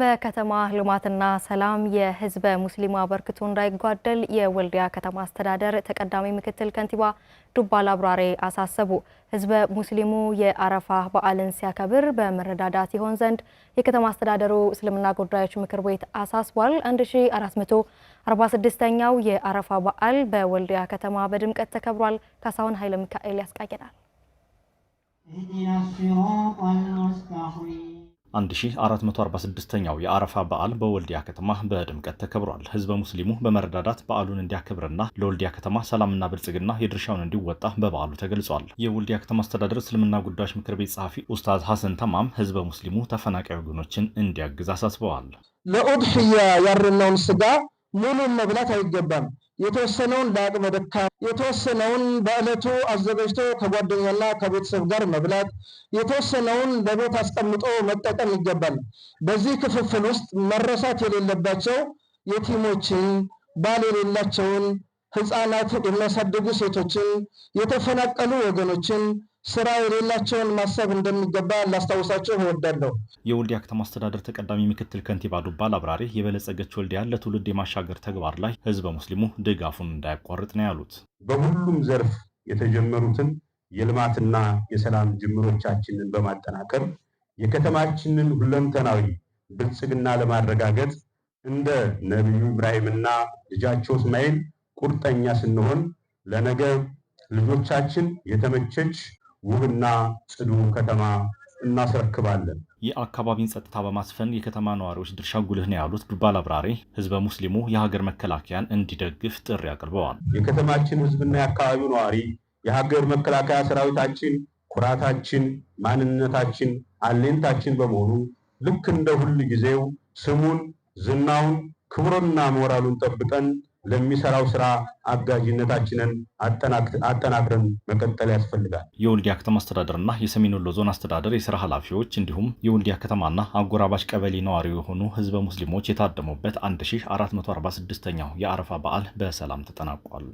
በከተማ ልማትና ሰላም የህዝበ ሙስሊሙ አበርክቶ እንዳይጓደል የወልዲያ ከተማ አስተዳደር ተቀዳሚ ምክትል ከንቲባ ዱባል አብራሬ አሳሰቡ። ህዝበ ሙስሊሙ የአረፋ በዓልን ሲያከብር በመረዳዳት ይሆን ዘንድ የከተማ አስተዳደሩ እስልምና ጉዳዮች ምክር ቤት አሳስቧል። 1446ኛው የአረፋ በዓል በወልዲያ ከተማ በድምቀት ተከብሯል። ካሳሁን ኃይለ ሚካኤል ያስቃኘናል። 1446ኛው የአረፋ በዓል በወልዲያ ከተማ በድምቀት ተከብሯል። ህዝበ ሙስሊሙ በመረዳዳት በዓሉን እንዲያከብርና ለወልዲያ ከተማ ሰላምና ብልጽግና የድርሻውን እንዲወጣ በበዓሉ ተገልጿል። የወልዲያ ከተማ አስተዳደር እስልምና ጉዳዮች ምክር ቤት ጸሐፊ ኡስታዝ ሐሰን ተማም ህዝበ ሙስሊሙ ተፈናቃይ ወገኖችን እንዲያግዝ አሳስበዋል። ለኡድሕያ ያረናውን ስጋ ሙሉን መብላት አይገባም። የተወሰነውን ለአቅመ ደካማ፣ የተወሰነውን በዕለቱ አዘጋጅቶ ከጓደኛና ከቤተሰብ ጋር መብላት፣ የተወሰነውን ለቤት አስቀምጦ መጠቀም ይገባል። በዚህ ክፍፍል ውስጥ መረሳት የሌለባቸው የቲሞችን፣ ባል የሌላቸውን፣ ህፃናት የሚያሳድጉ ሴቶችን፣ የተፈናቀሉ ወገኖችን ስራ የሌላቸውን ማሰብ እንደሚገባ ላስታውሳቸው እወዳለሁ። የወልዲያ ከተማ አስተዳደር ተቀዳሚ ምክትል ከንቲባ ዱባል አብራሪ የበለጸገች ወልዲያ ለትውልድ የማሻገር ተግባር ላይ ህዝበ ሙስሊሙ ድጋፉን እንዳያቋርጥ ነው ያሉት። በሁሉም ዘርፍ የተጀመሩትን የልማትና የሰላም ጅምሮቻችንን በማጠናከር የከተማችንን ሁለንተናዊ ብልጽግና ለማረጋገጥ እንደ ነቢዩ ኢብራሂምና ልጃቸው እስማኤል ቁርጠኛ ስንሆን ለነገ ልጆቻችን የተመቸች ውብና ጽዱ ከተማ እናስረክባለን። የአካባቢን ጸጥታ በማስፈን የከተማ ነዋሪዎች ድርሻ ጉልህ ነው ያሉት ዱባል አብራሪ ህዝበ ሙስሊሙ የሀገር መከላከያን እንዲደግፍ ጥሪ አቅርበዋል። የከተማችን ህዝብና የአካባቢው ነዋሪ የሀገር መከላከያ ሰራዊታችን ኩራታችን፣ ማንነታችን፣ አለኝታችን በመሆኑ ልክ እንደ ሁል ጊዜው ስሙን፣ ዝናውን፣ ክብሩንና ሞራሉን ጠብቀን ለሚሰራው ስራ አጋዥነታችንን አጠናክረን መቀጠል ያስፈልጋል። የወልዲያ ከተማ አስተዳደርና የሰሜን ወሎ ዞን አስተዳደር የስራ ኃላፊዎች እንዲሁም የወልዲያ ከተማና አጎራባች ቀበሌ ነዋሪ የሆኑ ህዝበ ሙስሊሞች የታደሙበት 1446ኛው የአረፋ በዓል በሰላም ተጠናቋል።